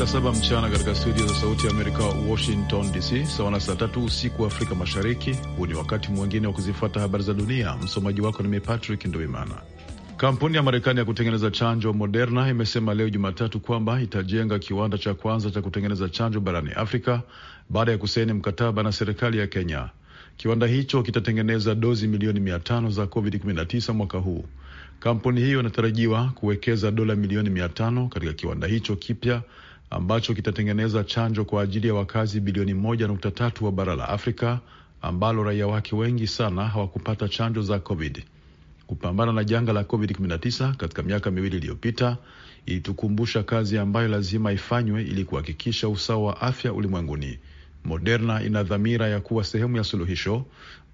saa saba mchana katika studio za Sauti ya Amerika, Washington DC, sawa na saa tatu usiku wa Afrika Mashariki. Huu ni wakati mwingine wa kuzifuata habari za dunia. Msomaji wako nimi Patrick Nduimana. Kampuni ya Marekani ya kutengeneza chanjo Moderna imesema leo Jumatatu kwamba itajenga kiwanda cha kwanza cha kutengeneza chanjo barani Afrika baada ya kusaini mkataba na serikali ya Kenya. Kiwanda hicho kitatengeneza dozi milioni mia tano za COVID-19 mwaka huu. Kampuni hiyo inatarajiwa kuwekeza dola milioni mia tano katika kiwanda hicho kipya ambacho kitatengeneza chanjo kwa ajili ya wakazi bilioni moja nukta tatu wa bara la Afrika ambalo raia wake wengi sana hawakupata chanjo za COVID. Kupambana na janga la COVID-19 katika miaka miwili iliyopita ilitukumbusha kazi ambayo lazima ifanywe ili kuhakikisha usawa wa afya ulimwenguni. Moderna ina dhamira ya kuwa sehemu ya suluhisho,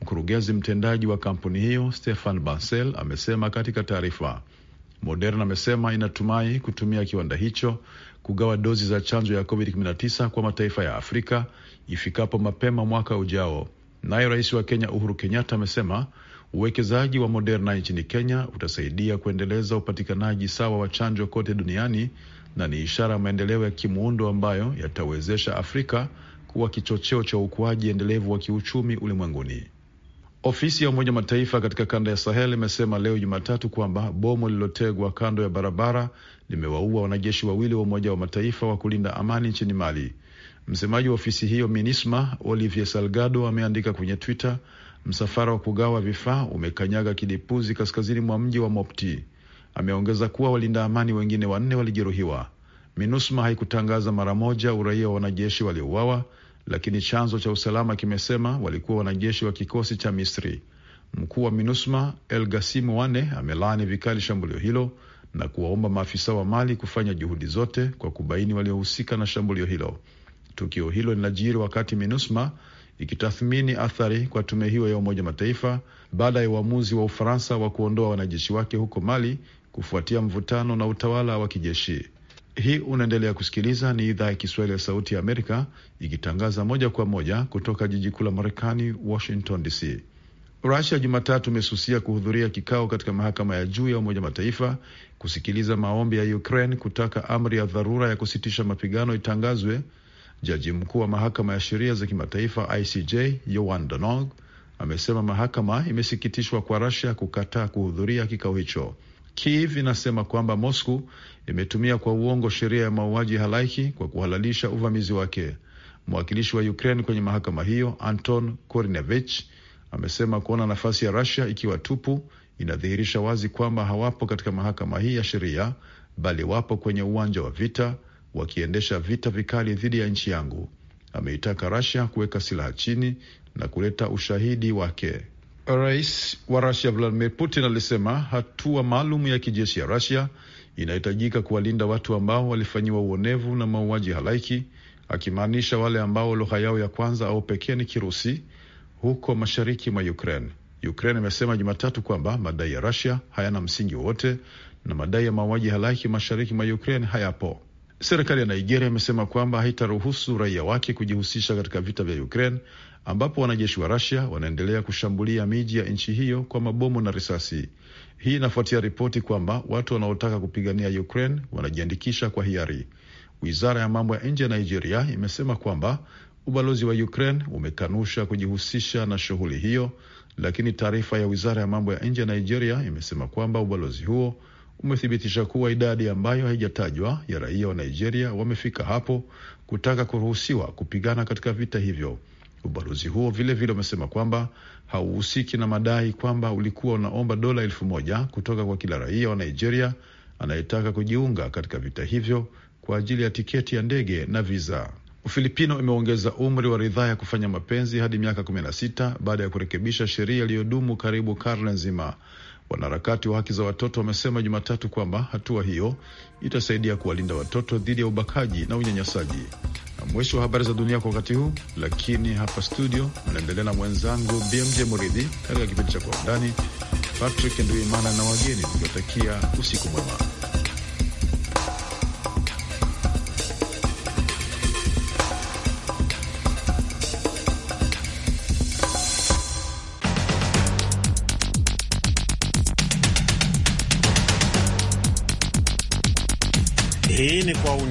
mkurugenzi mtendaji wa kampuni hiyo Stefan Bancel amesema katika taarifa. Moderna amesema inatumai kutumia kiwanda hicho kugawa dozi za chanjo ya COVID-19 kwa mataifa ya Afrika ifikapo mapema mwaka ujao. Naye rais wa Kenya Uhuru Kenyatta amesema uwekezaji wa Moderna nchini Kenya utasaidia kuendeleza upatikanaji sawa wa chanjo kote duniani na ni ishara ya maendeleo ya kimuundo ambayo yatawezesha Afrika kuwa kichocheo cha ukuaji endelevu wa kiuchumi ulimwenguni. Ofisi ya Umoja Mataifa katika kanda ya Sahel imesema leo Jumatatu kwamba bomu lililotegwa kando ya barabara limewaua wanajeshi wawili wa Umoja wa Mataifa wa kulinda amani nchini Mali. Msemaji wa ofisi hiyo MINISMA Olivier Salgado ameandika kwenye Twitter, msafara wa kugawa vifaa umekanyaga kidipuzi kaskazini mwa mji wa Mopti. Ameongeza kuwa walinda amani wengine wanne walijeruhiwa. MINUSMA haikutangaza mara moja uraia wa wanajeshi waliouawa lakini chanzo cha usalama kimesema walikuwa wanajeshi wa kikosi cha Misri. Mkuu wa MINUSMA El Gasimu Wane amelaani vikali shambulio hilo na kuwaomba maafisa wa Mali kufanya juhudi zote kwa kubaini waliohusika na shambulio hilo. Tukio hilo linajiri wakati MINUSMA ikitathmini athari kwa tume hiyo ya Umoja Mataifa baada ya uamuzi wa Ufaransa wa kuondoa wanajeshi wake huko Mali kufuatia mvutano na utawala wa kijeshi. Hii unaendelea kusikiliza, ni idhaa ya Kiswahili ya Sauti ya Amerika ikitangaza moja kwa moja kutoka jiji kuu la Marekani, Washington DC. Rusia Jumatatu imesusia kuhudhuria kikao katika mahakama ya juu ya Umoja Mataifa kusikiliza maombi ya Ukraine kutaka amri ya dharura ya kusitisha mapigano itangazwe. Jaji mkuu wa mahakama ya sheria za kimataifa ICJ Yoan Donog amesema mahakama imesikitishwa kwa Rusia kukataa kuhudhuria kikao hicho. Kiev inasema kwamba Moscow imetumia kwa uongo sheria ya mauaji halaiki kwa kuhalalisha uvamizi wake. Mwakilishi wa Ukraine kwenye mahakama hiyo Anton Korinevich amesema kuona nafasi ya Russia ikiwa tupu inadhihirisha wazi kwamba hawapo katika mahakama hii ya sheria, bali wapo kwenye uwanja wa vita wakiendesha vita vikali dhidi ya nchi yangu. Ameitaka Russia kuweka silaha chini na kuleta ushahidi wake. Rais wa Rusia Vladimir Putin alisema hatua maalum ya kijeshi ya Rusia inahitajika kuwalinda watu ambao walifanyiwa uonevu na mauaji halaiki, akimaanisha wale ambao lugha yao ya kwanza au pekee ni Kirusi huko mashariki mwa Ukraine. Ukraine imesema Jumatatu kwamba madai ya Rusia hayana msingi wowote na madai ya mauaji halaiki mashariki mwa Ukraine hayapo. Serikali ya Nigeria imesema kwamba haitaruhusu raia wake kujihusisha katika vita vya Ukraine ambapo wanajeshi wa rasia wanaendelea kushambulia miji ya nchi hiyo kwa mabomu na risasi. Hii inafuatia ripoti kwamba watu wanaotaka kupigania Ukraine wanajiandikisha kwa hiari. Wizara ya mambo ya nje ya Nigeria imesema kwamba ubalozi wa Ukraine umekanusha kujihusisha na shughuli hiyo, lakini taarifa ya wizara ya mambo ya nje ya Nigeria imesema kwamba ubalozi huo umethibitisha kuwa idadi ambayo haijatajwa ya raia wa Nigeria wamefika hapo kutaka kuruhusiwa kupigana katika vita hivyo. Ubalozi huo vilevile umesema kwamba hauhusiki na madai kwamba ulikuwa unaomba dola elfu moja kutoka kwa kila raia wa Nigeria anayetaka kujiunga katika vita hivyo kwa ajili ya tiketi ya ndege na viza. Ufilipino imeongeza umri wa ridhaa ya kufanya mapenzi hadi miaka 16 baada ya kurekebisha sheria iliyodumu karibu karne nzima. Wanaharakati wa haki za watoto wamesema Jumatatu kwamba hatua hiyo itasaidia kuwalinda watoto dhidi ya ubakaji na unyanyasaji. Na mwisho wa habari za dunia kwa wakati huu, lakini hapa studio mnaendelea na mwenzangu BMJ Muridhi katika kipindi cha Kwa Undani. Patrick Nduimana na wageni tukiwatakia usiku mwema.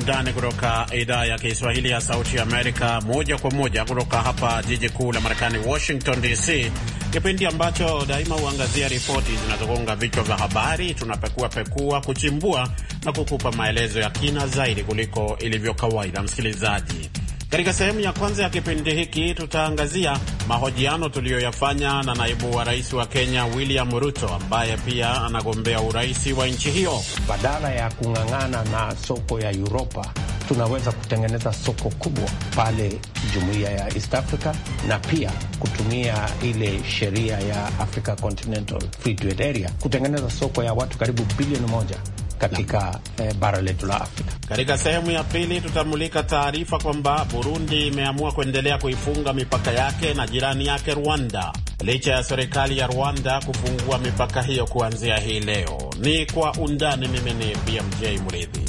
undani kutoka idhaa ya Kiswahili ya Sauti Amerika, moja kwa moja kutoka hapa jiji kuu la Marekani, Washington DC, kipindi ambacho daima huangazia ripoti zinazogonga vichwa vya habari. Tunapekua pekua, kuchimbua na kukupa maelezo ya kina zaidi kuliko ilivyo kawaida, msikilizaji. Katika sehemu ya kwanza ya kipindi hiki tutaangazia mahojiano tuliyoyafanya na naibu wa rais wa Kenya William Ruto ambaye pia anagombea urais wa nchi hiyo. Badala ya kung'ang'ana na soko ya Uropa, tunaweza kutengeneza soko kubwa pale jumuiya ya East Africa na pia kutumia ile sheria ya Africa Continental Free Trade Area kutengeneza soko ya watu karibu bilioni moja katika eh, bara letu la Afrika. Katika sehemu ya pili tutamulika taarifa kwamba Burundi imeamua kuendelea kuifunga mipaka yake na jirani yake Rwanda licha ya serikali ya Rwanda kufungua mipaka hiyo kuanzia hii leo. Ni kwa undani. Mimi ni BMJ Mridhi.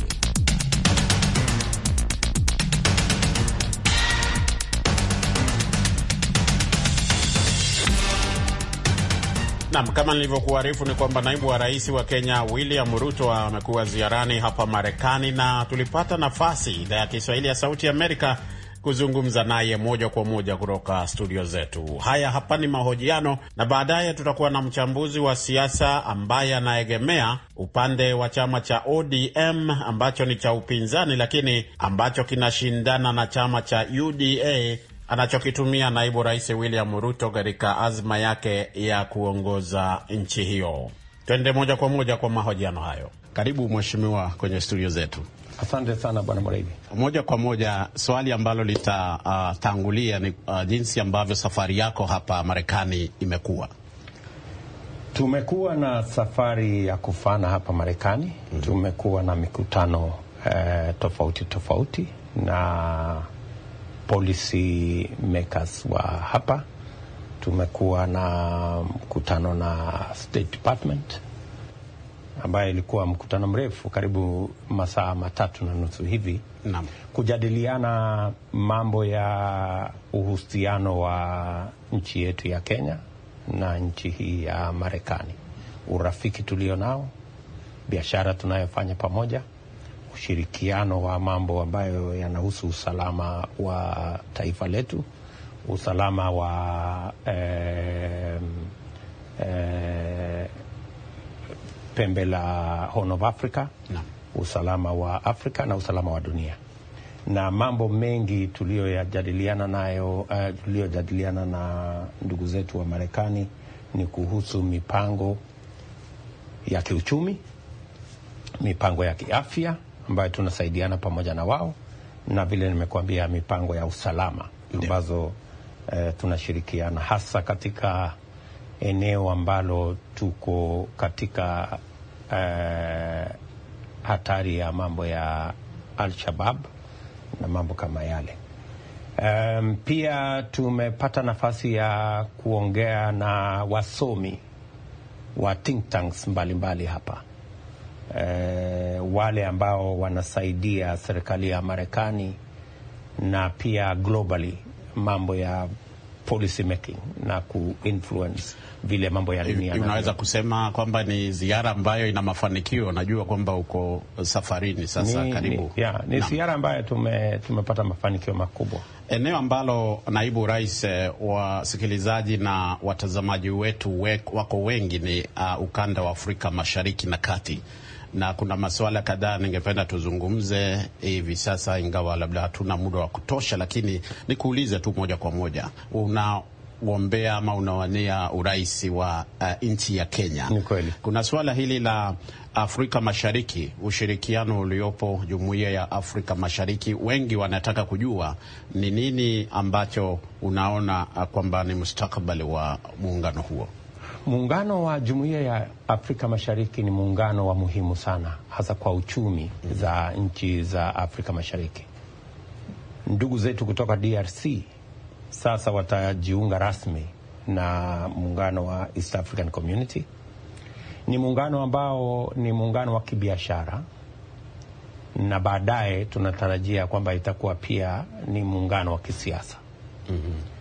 Nam, kama nilivyokuarifu ni kwamba naibu wa rais wa Kenya William Ruto amekuwa ziarani hapa Marekani, na tulipata nafasi idhaa ya Kiswahili ya Sauti Amerika kuzungumza naye moja kwa moja kutoka studio zetu. Haya hapa ni mahojiano, na baadaye tutakuwa na mchambuzi wa siasa ambaye anaegemea upande wa chama cha ODM ambacho ni cha upinzani, lakini ambacho kinashindana na chama cha UDA anachokitumia naibu rais William Ruto katika azma yake ya kuongoza nchi hiyo. Twende moja kwa moja kwa mahojiano hayo. Karibu mheshimiwa kwenye studio zetu. Asante sana bwana Mreidi. Moja kwa moja, swali ambalo litatangulia uh, ni uh, jinsi ambavyo safari yako hapa Marekani imekuwa. Tumekuwa na safari ya kufana hapa Marekani. mm -hmm. Tumekuwa na mikutano eh, tofauti tofauti na policy makers wa hapa. Tumekuwa na mkutano na State Department ambayo ilikuwa mkutano mrefu karibu masaa matatu na nusu hivi na kujadiliana mambo ya uhusiano wa nchi yetu ya Kenya na nchi hii ya Marekani, urafiki tulio nao, biashara tunayofanya pamoja ushirikiano wa mambo ambayo yanahusu usalama wa taifa letu, usalama wa eh, eh, pembe la Horn of Africa na usalama wa Afrika na usalama wa dunia na mambo mengi tuliyojadiliana nayo uh, eh, tuliyojadiliana na ndugu zetu wa Marekani ni kuhusu mipango ya kiuchumi, mipango ya kiafya, ambayo tunasaidiana pamoja na wao na vile nimekuambia, mipango ya usalama ambazo eh, tunashirikiana hasa katika eneo ambalo tuko katika eh, hatari ya mambo ya Al-Shabab na mambo kama yale. Um, pia tumepata nafasi ya kuongea na wasomi wa think tanks mbalimbali mbali hapa eh, wale ambao wanasaidia serikali ya Marekani na pia globally mambo ya policy making na kuinfluence vile mambo ya dunia. Unaweza kusema kwamba ni ziara ambayo ina mafanikio. Najua kwamba uko safarini sasa, ni, karibu ni, yeah, ni ziara ambayo tume, tumepata mafanikio makubwa. Eneo ambalo naibu rais, eh, wasikilizaji na watazamaji wetu wek, wako wengi ni uh, ukanda wa Afrika Mashariki na Kati na kuna masuala kadhaa ningependa tuzungumze hivi sasa, ingawa labda hatuna muda wa kutosha, lakini nikuulize tu moja kwa moja, unaombea ama unawania urais wa uh, nchi ya Kenya. Mkweli. Kuna suala hili la Afrika Mashariki, ushirikiano uliopo jumuiya ya Afrika Mashariki, wengi wanataka kujua ni nini ambacho unaona uh, kwamba ni mustakabali wa muungano huo. Muungano wa Jumuiya ya Afrika Mashariki ni muungano wa muhimu sana, hasa kwa uchumi za nchi za Afrika Mashariki. Ndugu zetu kutoka DRC sasa watajiunga rasmi na muungano wa East African Community. Ni muungano ambao ni muungano wa kibiashara na baadaye tunatarajia kwamba itakuwa pia ni muungano wa kisiasa. mm -hmm.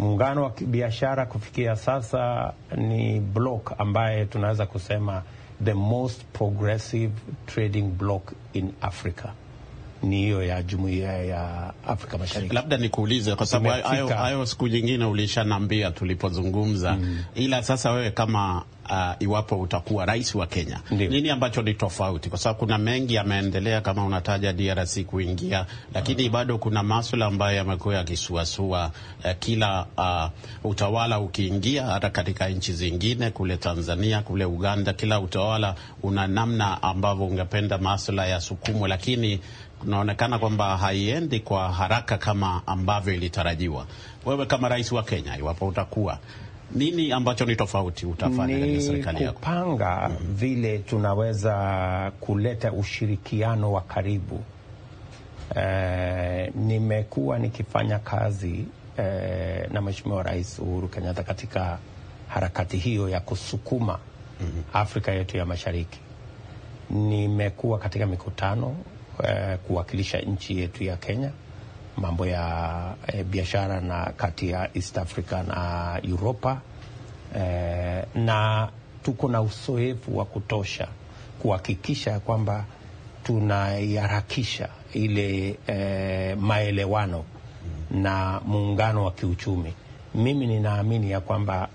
Muungano wa kibiashara kufikia sasa ni block ambaye tunaweza kusema the most progressive trading block in Africa ni hiyo ya jumuiya ya Afrika Mashariki. Labda nikuulize kwa sababu hayo siku nyingine ulishanaambia tulipozungumza, mm. ila sasa wewe kama Uh, iwapo utakuwa rais wa Kenya Ndiyo. Nini ambacho ni tofauti, kwa sababu kuna mengi yameendelea kama unataja DRC kuingia, lakini uh, bado kuna maswala ambayo yamekuwa yakisuasua uh, kila uh, utawala ukiingia, hata katika nchi zingine kule Tanzania, kule Uganda, kila utawala una namna ambavyo ungependa maswala ya sukumwe, lakini kunaonekana kwamba haiendi kwa haraka kama ambavyo ilitarajiwa. Wewe kama rais wa Kenya, iwapo utakuwa nini ambacho ni tofauti utafanya katika serikali yako? Kupanga mm -hmm. vile tunaweza kuleta ushirikiano wa karibu. E, nimekuwa nikifanya kazi e, na Mheshimiwa Rais Uhuru Kenyatta katika harakati hiyo ya kusukuma mm -hmm. Afrika yetu ya Mashariki. Nimekuwa katika mikutano eh, kuwakilisha nchi yetu ya Kenya mambo ya eh, biashara na kati ya East Africa na Europa eh, na tuko na uzoefu wa kutosha kuhakikisha kwamba tunaiharakisha ile eh, maelewano na muungano wa kiuchumi. Mimi ninaamini ya kwamba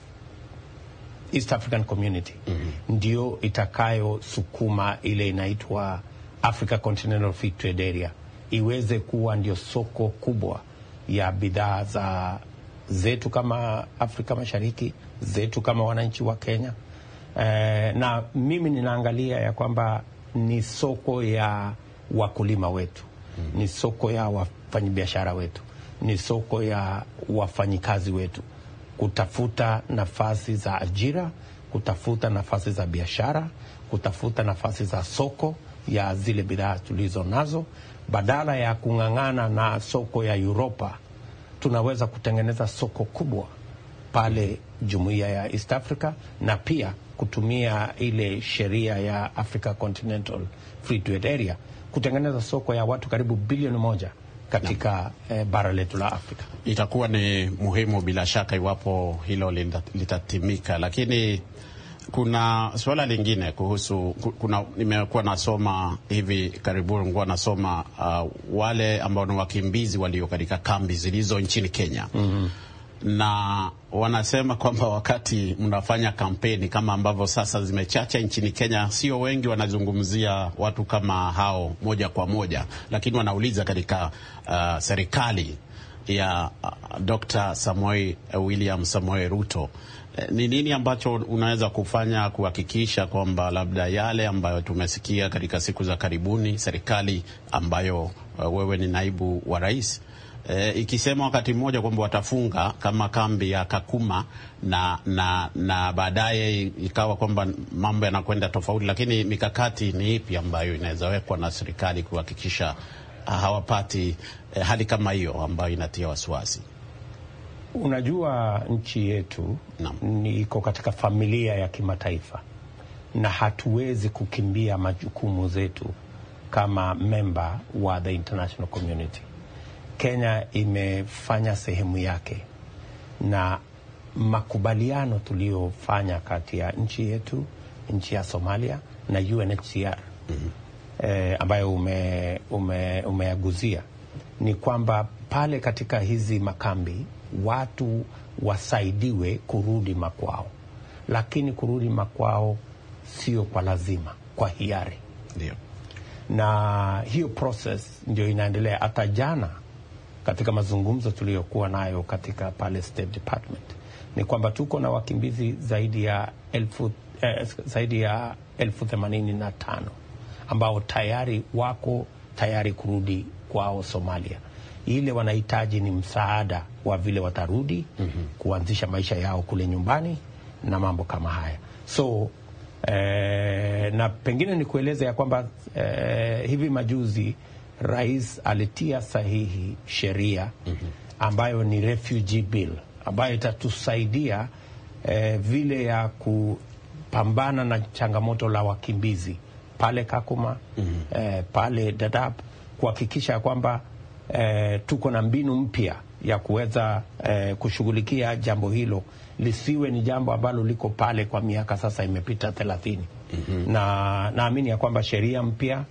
East African Community mm -hmm. ndio itakayosukuma ile inaitwa Africa Continental Free Trade Area iweze kuwa ndio soko kubwa ya bidhaa za zetu kama Afrika Mashariki zetu kama wananchi wa Kenya. E, na mimi ninaangalia ya kwamba ni soko ya wakulima wetu mm. Ni soko ya wafanyabiashara wetu, ni soko ya wafanyikazi wetu, kutafuta nafasi za ajira, kutafuta nafasi za biashara, kutafuta nafasi za soko ya zile bidhaa tulizo nazo, badala ya kung'ang'ana na soko ya Uropa, tunaweza kutengeneza soko kubwa pale jumuiya ya East Africa na pia kutumia ile sheria ya Africa Continental Free Trade Area kutengeneza soko ya watu karibu bilioni moja katika eh, bara letu la Afrika. Itakuwa ni muhimu bila shaka iwapo hilo litatimika, lakini kuna suala lingine kuhusu kuna, nimekuwa nasoma hivi karibuni, nilikuwa nasoma uh, wale ambao ni wakimbizi walio katika kambi zilizo nchini Kenya mm -hmm. na wanasema kwamba wakati mnafanya kampeni kama ambavyo sasa zimechacha nchini Kenya, sio wengi wanazungumzia watu kama hao moja kwa moja, lakini wanauliza katika uh, serikali ya uh, Dr. Samuel uh, William Samuel Ruto Eh, ni nini ambacho unaweza kufanya kuhakikisha kwamba labda yale ambayo tumesikia katika siku za karibuni, serikali ambayo eh, wewe ni naibu wa rais E, ikisema wakati mmoja kwamba watafunga kama kambi ya Kakuma na, na, na baadaye ikawa kwamba mambo yanakwenda tofauti, lakini mikakati ni ipi ambayo inaweza wekwa na serikali kuhakikisha hawapati eh, hali kama hiyo ambayo inatia wasiwasi? Unajua, nchi yetu iko katika familia ya kimataifa na hatuwezi kukimbia majukumu zetu kama memba wa the international community. Kenya imefanya sehemu yake na makubaliano tuliyofanya kati ya nchi yetu, nchi ya Somalia na UNHCR mm -hmm. E, ambayo umeaguzia ume, ume ni kwamba pale katika hizi makambi watu wasaidiwe kurudi makwao, lakini kurudi makwao sio kwa lazima, kwa hiari yeah. Na hiyo process ndio inaendelea. Hata jana katika mazungumzo tuliyokuwa nayo katika pale State Department ni kwamba tuko na wakimbizi zaidi ya elfu eh, zaidi ya elfu themanini na tano ambao tayari wako tayari kurudi kwao Somalia ile wanahitaji ni msaada wa vile watarudi mm -hmm. kuanzisha maisha yao kule nyumbani na mambo kama haya so eh, na pengine ni kueleza ya kwamba eh, hivi majuzi rais alitia sahihi sheria mm -hmm. ambayo ni refugee bill ambayo itatusaidia eh, vile ya kupambana na changamoto la wakimbizi pale Kakuma mm -hmm. eh, pale Dadaab kuhakikisha kwamba eh, tuko na mbinu mpya ya kuweza eh, kushughulikia jambo hilo lisiwe ni jambo ambalo liko pale kwa miaka sasa imepita thelathini. mm -hmm. Na naamini ya kwamba sheria mpya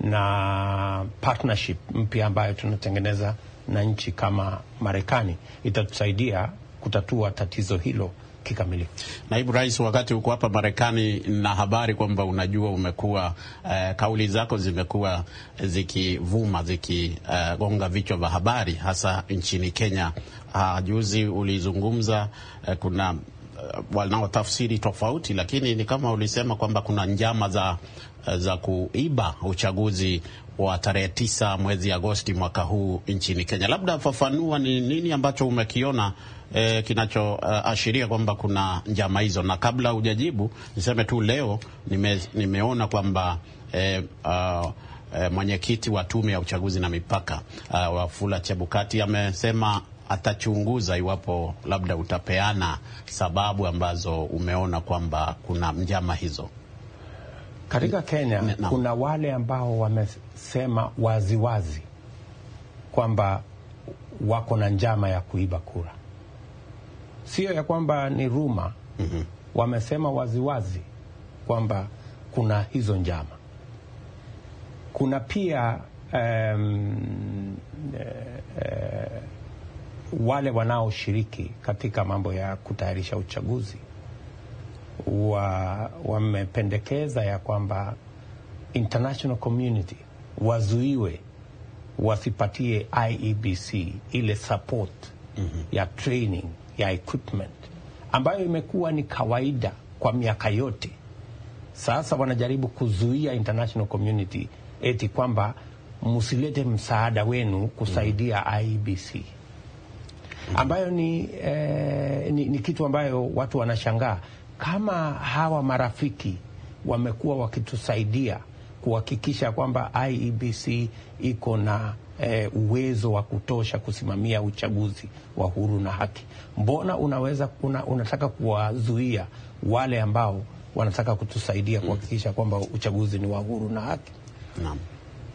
na partnership mpya ambayo tunatengeneza na nchi kama Marekani itatusaidia kutatua tatizo hilo kikamilifu. Naibu Rais, wakati uko hapa Marekani na habari kwamba unajua, umekuwa eh, kauli zako zimekuwa zikivuma zikigonga eh, vichwa vya habari hasa nchini Kenya. Ah, juzi ulizungumza eh, kuna eh, wanaotafsiri tofauti, lakini ni kama ulisema kwamba kuna njama za, eh, za kuiba uchaguzi wa tarehe tisa mwezi Agosti mwaka huu nchini Kenya. Labda fafanua ni nini ambacho umekiona e, eh, kinachoashiria eh, uh, kwamba kuna njama hizo. Na kabla hujajibu, niseme tu leo nime, nimeona kwamba e, uh, e, mwenyekiti wa tume ya uchaguzi na mipaka uh, ah, Wafula Chebukati amesema atachunguza iwapo labda utapeana sababu ambazo umeona kwamba kuna njama hizo katika Kenya. N no. Kuna wale ambao wamesema waziwazi kwamba wako na njama ya kuiba kura Sio ya kwamba ni ruma mm -hmm. Wamesema waziwazi kwamba kuna hizo njama. Kuna pia um, e, e, wale wanaoshiriki katika mambo ya kutayarisha uchaguzi wa, wamependekeza ya kwamba international community wazuiwe wasipatie IEBC ile support mm -hmm. ya training ya equipment ambayo imekuwa ni kawaida kwa miaka yote. Sasa wanajaribu kuzuia international community eti kwamba msilete msaada wenu kusaidia mm. Mm-hmm. IBC ambayo ni, eh, ni, ni kitu ambayo watu wanashangaa kama hawa marafiki wamekuwa wakitusaidia kuhakikisha kwamba IEBC iko na eh, uwezo wa kutosha kusimamia uchaguzi wa huru na haki, mbona unaweza kuna, unataka kuwazuia wale ambao wanataka kutusaidia mm. kuhakikisha kwamba uchaguzi ni wa huru na haki? Naam.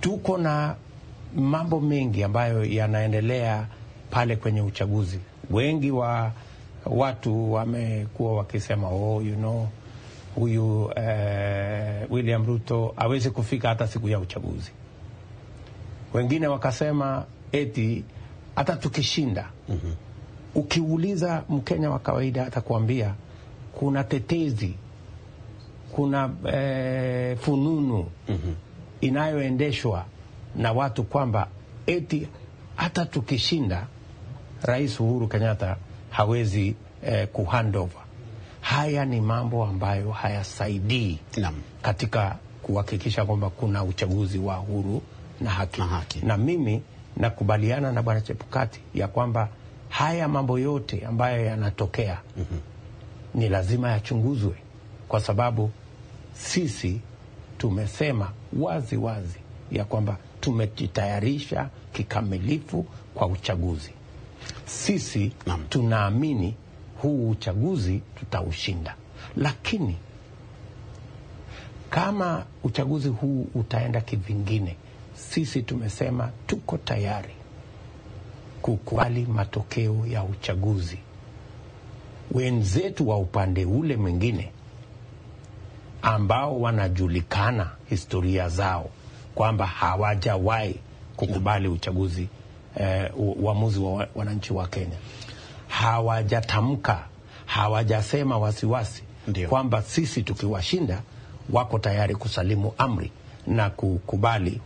Tuko na mambo mengi ambayo yanaendelea pale kwenye uchaguzi. Wengi wa watu wamekuwa wakisema oh, you know, huyu eh, William Ruto hawezi kufika hata siku ya uchaguzi. Wengine wakasema eti hata tukishinda, mm -hmm. ukiuliza Mkenya wa kawaida atakuambia kuna tetezi, kuna e, fununu mm -hmm. inayoendeshwa na watu kwamba eti hata tukishinda Rais Uhuru Kenyatta hawezi eh, kuhandover. Haya ni mambo ambayo hayasaidii katika kuhakikisha kwamba kuna uchaguzi wa huru na haki. Na haki na mimi nakubaliana na Bwana Chepukati ya kwamba haya mambo yote ambayo yanatokea mm -hmm. ni lazima yachunguzwe kwa sababu sisi tumesema wazi wazi ya kwamba tumejitayarisha kikamilifu kwa uchaguzi. Sisi tunaamini huu uchaguzi tutaushinda, lakini kama uchaguzi huu utaenda kivingine, sisi tumesema tuko tayari kukubali matokeo ya uchaguzi. Wenzetu wa upande ule mwingine ambao wanajulikana historia zao kwamba hawajawahi kukubali uchaguzi eh, uamuzi wa wananchi wa Kenya, hawajatamka hawajasema wasiwasi kwamba sisi tukiwashinda wako tayari kusalimu amri na kukubali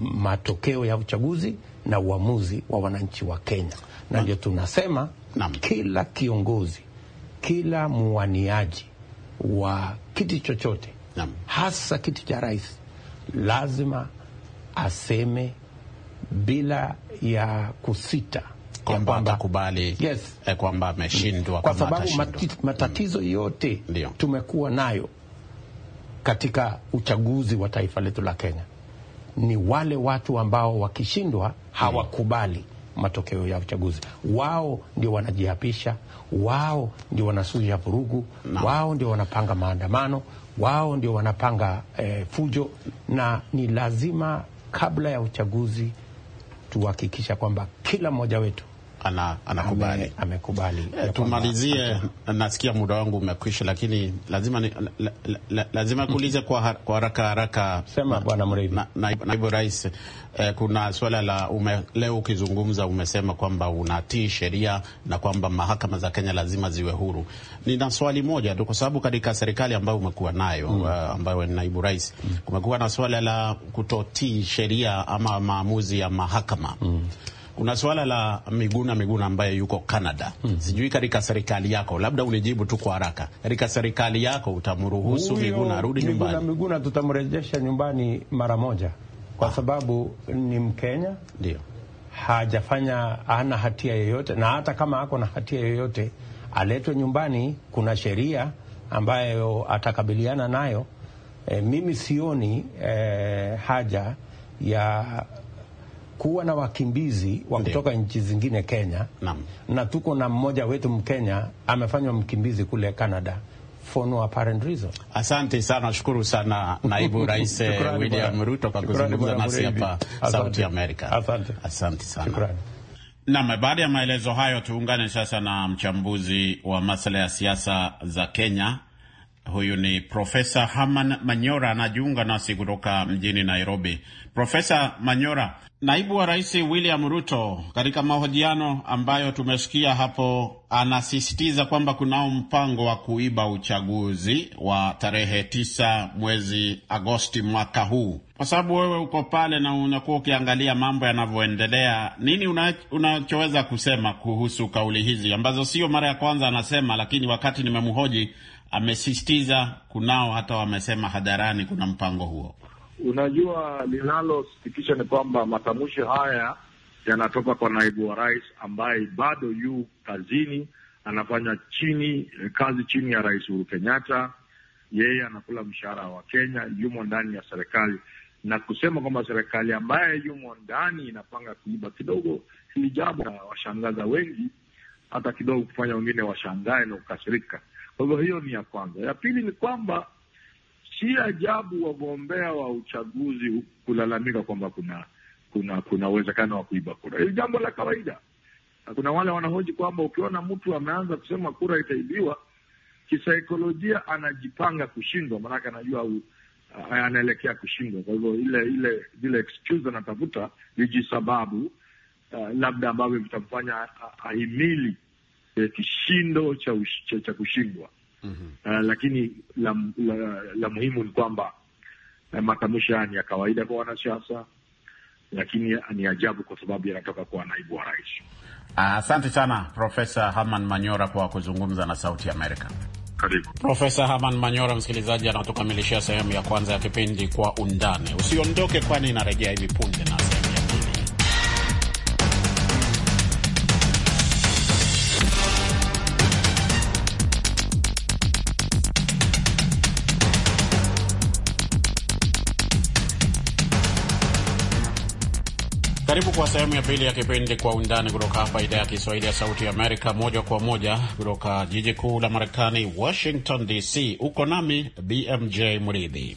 matokeo ya uchaguzi na uamuzi wa wananchi wa Kenya, na ndio tunasema na kila kiongozi, kila muaniaji wa kiti chochote na hasa kiti cha rais lazima aseme bila ya kusita kwamba atakubali yes, eh, kwamba ameshindwa, kwa sababu matatizo mm, yote tumekuwa nayo katika uchaguzi wa taifa letu la Kenya ni wale watu ambao wakishindwa hawakubali matokeo ya uchaguzi. Wao ndio wanajiapisha, wao ndio wanasuja vurugu, wao ndio wanapanga maandamano, wao ndio wanapanga eh, fujo, na ni lazima kabla ya uchaguzi tuhakikisha kwamba kila mmoja wetu ana, anakubali amekubali. E, tumalizie, nasikia muda wangu umekwisha, lakini lazima ni, la, la, lazima kuulize kwa haraka haraka. Sema bwana Mridhi, na, na, na, rais eh, kuna swala la ume, leo ukizungumza umesema kwamba unatii sheria na kwamba mahakama za Kenya lazima ziwe huru. Nina swali moja tu, kwa sababu katika serikali ambayo umekuwa nayo mm, eh, ambayo ni naibu rais mm, kumekuwa na swala la kutotii sheria ama maamuzi ya mahakama mm kuna suala la Miguna Miguna ambaye yuko Canada hmm. Sijui katika serikali yako, labda unijibu tu kwa haraka, katika serikali yako utamruhusu Miguna arudi nyumbani? Miguna Miguna tutamrejesha nyumbani mara moja kwa ah, sababu ni Mkenya, ndio hajafanya, hana hatia yoyote, na hata kama ako na hatia yoyote aletwe nyumbani. Kuna sheria ambayo atakabiliana nayo. E, mimi sioni e, haja ya kuwa na wakimbizi wa kutoka nchi zingine Kenya na, na tuko na mmoja wetu Mkenya amefanywa mkimbizi kule Canada. For no apparent reason. Asante sana, shukuru sana naibu rais eh, William Ruto kwa kuzungumza nasi hapa Sauti Amerika. Asante, asante sana shukrani. Nam, baada ya maelezo hayo, tuungane sasa na mchambuzi wa masuala ya siasa za Kenya Huyu ni Profesa Haman Manyora, anajiunga nasi kutoka mjini Nairobi. Profesa Manyora, naibu wa rais William Ruto katika mahojiano ambayo tumesikia hapo, anasisitiza kwamba kunao mpango wa kuiba uchaguzi wa tarehe tisa mwezi Agosti mwaka huu. Kwa sababu wewe uko pale na unakuwa ukiangalia mambo yanavyoendelea, nini unachoweza una kusema kuhusu kauli hizi ambazo sio mara ya kwanza anasema, lakini wakati nimemhoji amesisitiza kunao hata wamesema hadharani kuna mpango huo. Unajua, linalosikitisha ni kwamba matamshi haya yanatoka kwa naibu wa rais ambaye bado yu kazini, anafanya chini eh, kazi chini ya Rais Uhuru Kenyatta. Yeye anakula mshahara wa Kenya, yumo ndani ya serikali, na kusema kwamba serikali ambaye yumo ndani inapanga kuiba kidogo, hili jambo washangaza wengi, hata kidogo kufanya wengine washangae na kukasirika. Kwa hivyo hiyo ni ya kwanza. Ya pili ni kwamba si ajabu wagombea wa uchaguzi kulalamika kwamba kuna kuna kuna uwezekano wa kuiba kura. Hili jambo la kawaida. Kuna wale wanahoji kwamba ukiona mtu ameanza kusema kura itaibiwa, kisaikolojia anajipanga kushindwa, maanake anajua anaelekea kushindwa. Kwa hivyo ile ile zile excuse anatafuta viji sababu uh, labda ambavyo vitamfanya ahimili eh, kishindo cha, cha, cha kushindwa mm -hmm. Uh, lakini la, la, la muhimu ni kwamba eh, matamshi haya ni ya kawaida kwa wanasiasa, lakini ni ajabu kwa sababu yanatoka kwa naibu wa rais. Asante uh, sana Profesa Herman Manyora kwa kuzungumza na Sauti Amerika. Karibu Profesa Herman Manyora. Msikilizaji, anatukamilishia sehemu ya kwanza ya kipindi Kwa Undani. Usiondoke, kwani inarejea hivi punde nasa Karibu kwa sehemu ya pili ya kipindi Kwa Undani kutoka hapa idhaa ya Kiswahili ya Sauti ya Amerika, moja kwa moja kutoka jiji kuu la Marekani, Washington DC. Uko nami BMJ Mridhi.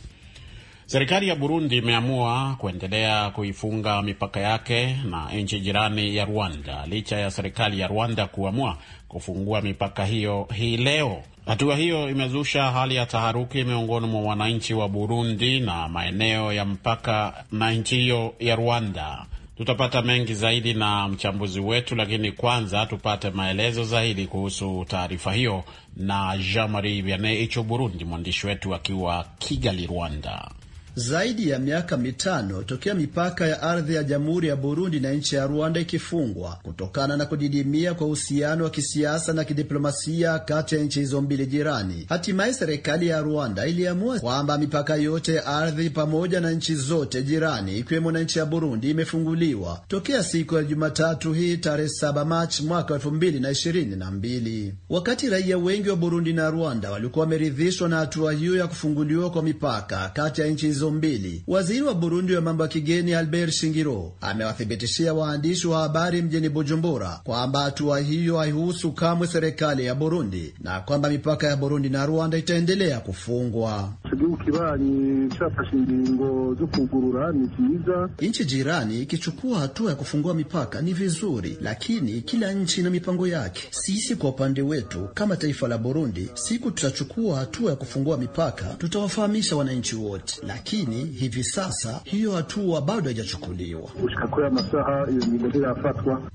Serikali ya Burundi imeamua kuendelea kuifunga mipaka yake na nchi jirani ya Rwanda licha ya serikali ya Rwanda kuamua kufungua mipaka hiyo hii leo. Hatua hiyo imezusha hali ya taharuki miongoni mwa wananchi wa Burundi na maeneo ya mpaka na nchi hiyo ya Rwanda. Tutapata mengi zaidi na mchambuzi wetu, lakini kwanza tupate maelezo zaidi kuhusu taarifa hiyo na Jean Marie Vianney Icho Burundi, mwandishi wetu akiwa Kigali, Rwanda zaidi ya miaka mitano tokea mipaka ya ardhi ya Jamhuri ya Burundi na nchi ya Rwanda ikifungwa kutokana na kudidimia kwa uhusiano wa kisiasa na kidiplomasia kati ya nchi hizo mbili jirani. Hatimaye serikali ya Rwanda iliamua kwamba mipaka yote ya ardhi pamoja na nchi zote jirani ikiwemo na nchi ya Burundi imefunguliwa tokea siku ya Jumatatu hii tarehe 7 Machi mwaka mbili. Wakati raia wengi wa Burundi na Rwanda walikuwa wameridhishwa na hatua hiyo ya kufunguliwa kwa mipaka kati ya nchi hizo hizo mbili. Waziri wa Burundi wa mambo ya kigeni Albert Shingiro amewathibitishia waandishi wa habari mjini Bujumbura kwamba hatua hiyo haihusu kamwe serikali ya Burundi na kwamba mipaka ya Burundi na Rwanda itaendelea kufungwa. Nchi jirani ikichukua hatua ya kufungua mipaka ni vizuri, lakini kila nchi ina mipango yake. Sisi kwa upande wetu kama taifa la Burundi, siku tutachukua hatua ya kufungua mipaka, tutawafahamisha wananchi wote, lakini lakini hivi sasa hiyo hatua bado haijachukuliwa.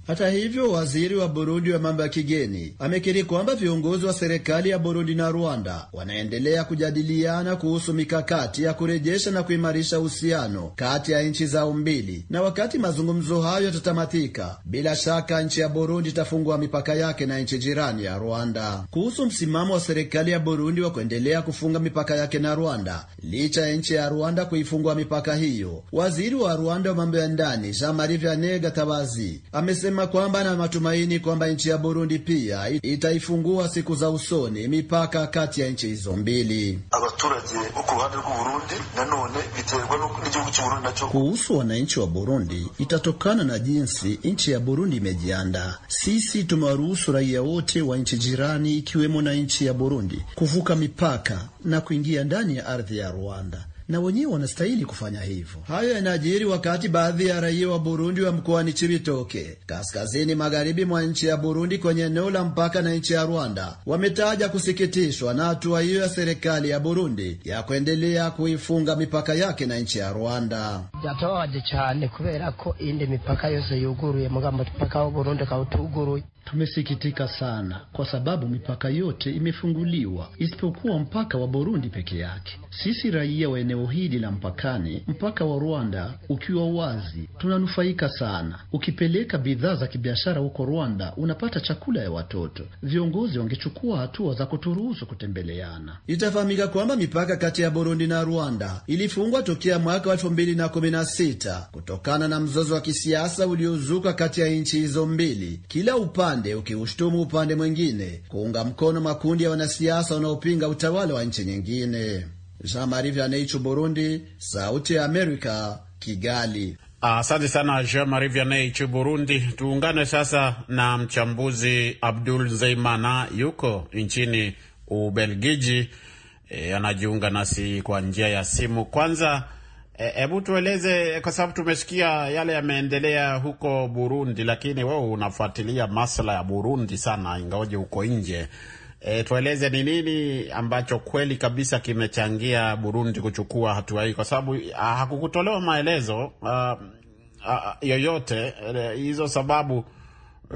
Hata hivyo, waziri wa Burundi wa mambo ya kigeni amekiri kwamba viongozi wa serikali ya Burundi na Rwanda wanaendelea kujadiliana kuhusu mikakati ya kurejesha na kuimarisha uhusiano kati ya nchi zao mbili, na wakati mazungumzo hayo yatatamatika, bila shaka nchi ya Burundi itafungua mipaka yake na nchi jirani ya Rwanda. Kuhusu msimamo wa serikali ya Burundi wa kuendelea kufunga mipaka yake na Rwanda licha ya nchi ya Rwanda Rwanda kuifungua mipaka hiyo. Waziri wa Rwanda wa mambo ya ndani Jean-Marie Vianney Gatabazi amesema kwamba na matumaini kwamba nchi ya Burundi pia itaifungua siku za usoni mipaka kati ya nchi hizo mbili. Kuhusu wananchi wa Burundi, itatokana na jinsi nchi ya Burundi imejiandaa. Sisi tumewaruhusu raia wote wa nchi jirani ikiwemo na nchi ya Burundi kuvuka mipaka na kuingia ndani ya ardhi ya Rwanda na wenyewe wanastahili kufanya hivyo. Hayo yanajiri wakati baadhi ya raia wa Burundi wa mkoani Chibitoke, kaskazini magharibi mwa nchi ya Burundi, kwenye eneo la mpaka na nchi ya Rwanda, wametaja kusikitishwa na hatua hiyo ya serikali ya Burundi ya kuendelea kuifunga mipaka yake na nchi ya Rwanda. yatababaje cyane kubera ko indi mipaka yose yuguruye mpaka wa Burundi kawutuguruye Tumesikitika sana kwa sababu mipaka yote imefunguliwa isipokuwa mpaka wa Burundi peke yake. Sisi raia wa eneo hili la mpakani, mpaka wa Rwanda ukiwa wazi, tunanufaika sana. Ukipeleka bidhaa za kibiashara huko Rwanda, unapata chakula ya watoto. Viongozi wangechukua hatua za kuturuhusu kutembeleana. Itafahamika kwamba mipaka kati ya Burundi na Rwanda ilifungwa tokea mwaka wa elfu mbili na kumi na sita kutokana na mzozo wa kisiasa uliozuka kati ya nchi hizo mbili, kila upande upande ukiushtumu upande mwingine kuunga mkono makundi ya wanasiasa wanaopinga utawala wa nchi nyingine. Jean Marie Burundi, Sauti ya Amerika, Kigali. Asante sana Jean Marie Vianney Burundi. Tuungane sasa na mchambuzi Abdul Zeimana, yuko nchini Ubelgiji. E, anajiunga nasi kwa njia ya simu. Kwanza Eh, hebu tueleze, kwa sababu tumesikia yale yameendelea huko Burundi, lakini wewe unafuatilia masuala ya Burundi sana, ingawaje huko nje. E, tueleze ni nini ambacho kweli kabisa kimechangia Burundi kuchukua hatua hii, kwa sababu ah, hakukutolewa maelezo a, ah, a, ah, yoyote eh, hizo sababu.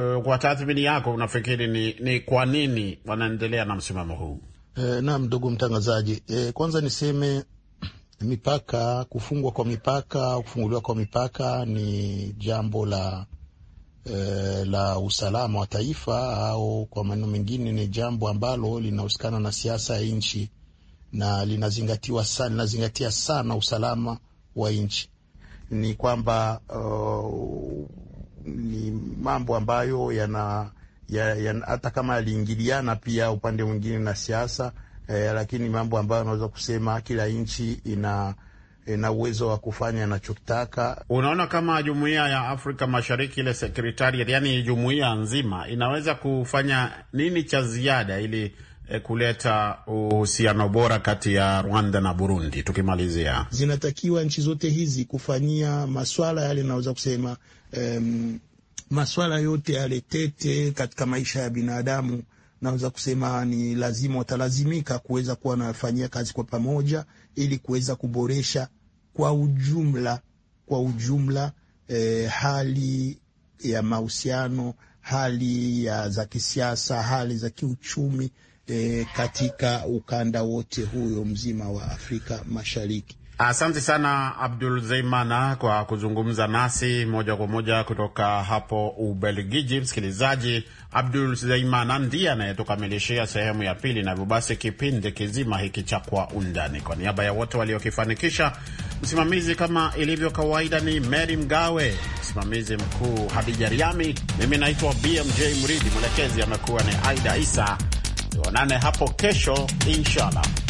E, kwa tathmini yako unafikiri ni, ni kwa nini wanaendelea na msimamo huu? E, naam, ndugu mtangazaji, e, kwanza niseme mipaka, kufungwa kwa mipaka, kufunguliwa kwa mipaka ni jambo la eh, la usalama wa taifa, au kwa maneno mengine ni jambo ambalo linahusikana na siasa ya nchi na linazingatiwa sana, linazingatia sana usalama wa nchi. Ni kwamba uh, ni mambo ambayo yana hata ya, hata kama yaliingiliana pia upande mwingine na siasa eh, lakini mambo ambayo anaweza kusema kila nchi ina na uwezo wa kufanya anachotaka. Unaona, kama jumuiya ya Afrika Mashariki, ile sekretariat, yani jumuiya nzima inaweza kufanya nini cha ziada ili eh, kuleta uhusiano bora kati ya Rwanda na Burundi? Tukimalizia, zinatakiwa nchi zote hizi kufanyia maswala yale, naweza kusema um, maswala yote yale tete katika maisha ya binadamu naweza kusema ni lazima watalazimika kuweza kuwa wanafanyia kazi kwa pamoja ili kuweza kuboresha kwa ujumla kwa ujumla eh, hali ya mahusiano, hali ya za kisiasa, hali za kiuchumi eh, katika ukanda wote huyo mzima wa Afrika Mashariki. Asante sana Abdul Zeimana kwa kuzungumza nasi moja kwa moja kutoka hapo Ubelgiji. Msikilizaji, Abdul Zeimana ndiye anayetukamilishia sehemu ya pili, na hivyo basi kipindi kizima hiki cha Kwa Undani, kwa niaba ya wote waliokifanikisha, msimamizi kama ilivyo kawaida ni Mary Mgawe, msimamizi mkuu Hadija Riami, mimi naitwa BMJ Muridi, mwelekezi amekuwa ni Aida Isa. Tuonane hapo kesho inshallah.